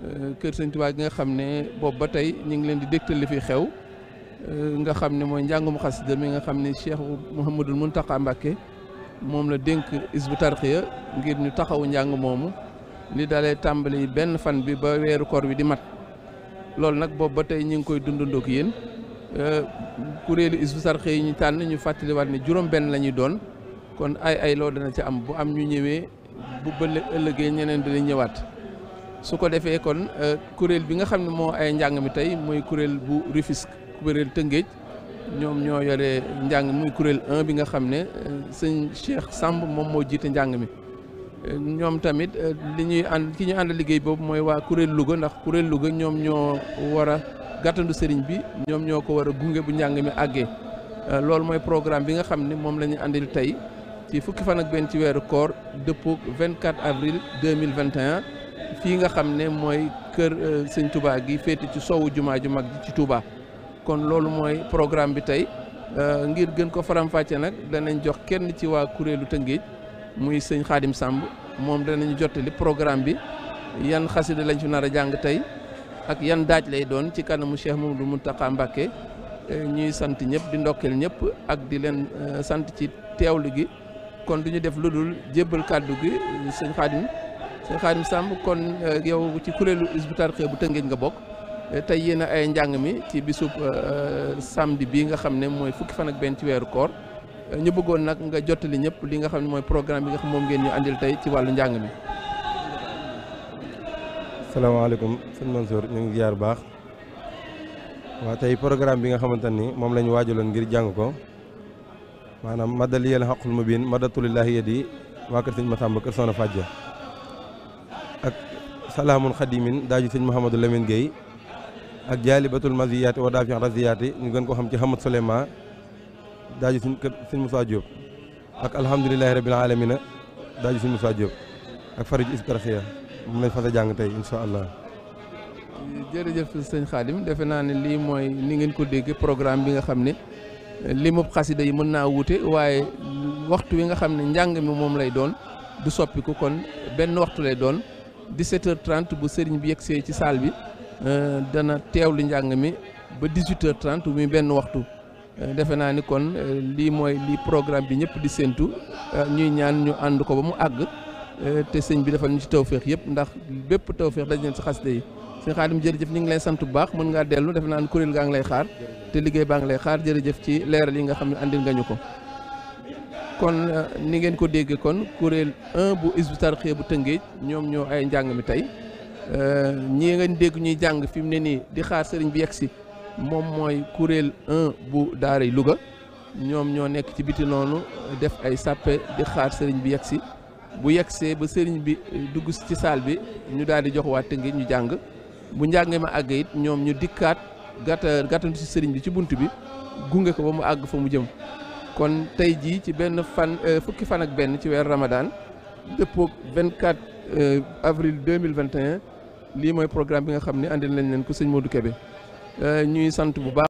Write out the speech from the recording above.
Euh, kër sëñ Tuubaa gi nga xam ne boobu ba tey ñu ngi leen di dégtal li fi xew euh, nga xam ne mooy njàngum xasida mi nga xam ne mu Mouhamadul Mountakha Mbacké moom la dénk Hizbut Tarqiyyah ngir ñu taxawu njàng moomu li dalee tàmbali benn fan bi ba weeru koor wi di mat loolu nag boobu ba tey ñu ngi koy dundandoog yéen euh, kuréelu Hizbut Tarqiyyah yi ñu tànn ñu fàttaliwaat ne juróom benn la ñuy doon kon ay ay loo dana ci am bu am ñu ñëwee bu ba ëllëgee ñeneen dina ñëwaat su ko defee kon euh, kuréel bi nga xam ne moo ay njàng mi tey mooy kuréel bu Rufisque kuréel Tëngéej ñoom ñoo yore njàng muy kuréel 1 bi nga xam ne euh, sëñ Cheikh Samb moom moo jiite njàng mi euh, ñoom tamit li ñuy ànd ki ñu ànd liggéey boobu mooy waa kuréel Louga ndax kuréel Louga ñoom ñoo war a gàttandu sëriñ bi ñoom ñoo ko war a gunge bu njàng mi àggee loolu mooy programme bi nga xam ne moom la ñu àndil tey ci fukki fan ak benn ci weeru koor dëppook 24 avril 2021 fii nga xam ne mooy kër euh, sëñ Touba gi féete ci sowu jumaa ju mag ji ci Touba kon loolu mooy programme bi tey euh, ngir gën ko faram nag danañ jox kenn ci waa kuréelu Tëngéej muy sëñ Xaadim Samb moom danañu jottali programme bi yan xasida lañ fi nar a jàng tey ak yan daaj lay doon ci kanamu Cheikh Mamadou Mountakha Mbacké euh, ñuy sant ñëpp di ndokkeel ñëpp ak di leen sant ci teewlu gi kon du ñu def lu dul jébbal kàddu gi sëñ Xaadim sëñ Xaadim Samb kon eh, yow ci kuréelu Hizbut Tarqiyyah bu Tëngéej nga bokk eh, tey yéen ay njàng mi ci bisub eh, samedi bii nga xam ne mooy fukki fan ak benn ci weeru koor ñu bëggoon nag nga jottali ñëpp li nga xam ne mooy programme bi nga xam moom ngeen ñu andil tey ci wàllu njàng mi. salaamaaleykum sëñ Mansour ñu ngi ziar baax waa tey programme bi nga xamante ni moom la ñu waajaloon ngir jàng ko maanaam madaliyal xaqul mubin madatulillaahi yadi waa kër sëñ Masamba kër Soxna Fàjja ak salaamun xadimin daaju sëñ Mouhamadou Lamine Gueye ak jaalibatul maziyaati wa daafi raziyaati ñu ko xam ci Hamad Souleymane daaju sëñ sëñ Moussa Diop ak alhamdulilahi rabbil alamina daaju sëñ Moussa Diop ak farij iskarxiya moom lañ fas a jàng sëñ Xaadim defe naa ne lii mooy ni ngeen ko dégg programme bi nga xam ne limub xasida yi mën naa wuute waaye waxtu wi nga xam ne njàng mi moom lay doon du soppiku kon benn waxtu lay doon 17h30 bu sëriñ bi yegg yegsee ci salle bi euh, dana teewlu njàng mi ba 18h30 muy benn waxtu euh, defe naa ni kon euh, lii mooy lii programme bi ñëpp di séentu ñuy ñaan ñu ànd ko ba mu àgg te sëñ bi defal ñu ci tawféex yëpp ndax bépp tawféex dañu leen si xasida yi sëñ jërëjëf ñu ngi lay sant bu baax mën ngaa dellu defe naa ni kuréel gaa ngi lay xaar te liggéey baa ngi lay xaar jërëjëf ci leeral yi nga xam ne andil nga ko kon euh, ni ngeen ko déggee kon kuréel 1 bu Hizbut Tarqiyyah bu Tëngéej ñoom ñoo ay njàng mi tey euh, ñii ngeen dégg ñuy jàng fi mu ne nii di xaar sëriñ bi yegg si moom mooy kuréel 1 bu daaray Louga ñoom ñoo nekk ci biti noonu def ay sàppe di xaar sëriñ bi yegg si bu yeggsee ba sëriñ bi euh, dugg ci saal bi ñu daal di jox waa Tëngéej ñu jàng bu njàngee ma àgg ñoom ñu dikkaat gàtta gàttandu si sëriñ bi ci bunt bi gunge ko ba mu àgg fa mu jëm kon tey jii ci benn fan euh, fukki fan ak benn ci weer Ramadan dëppoog 24 euh, avril 2021 lii mooy programme bi nga xam ne andil nañ leen ko sëñ Modou Kébé euh, ñuy sant bu baax.